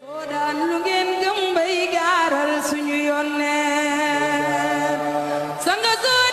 soo daan lu ngeen gëm bay gaaral suñu yónnee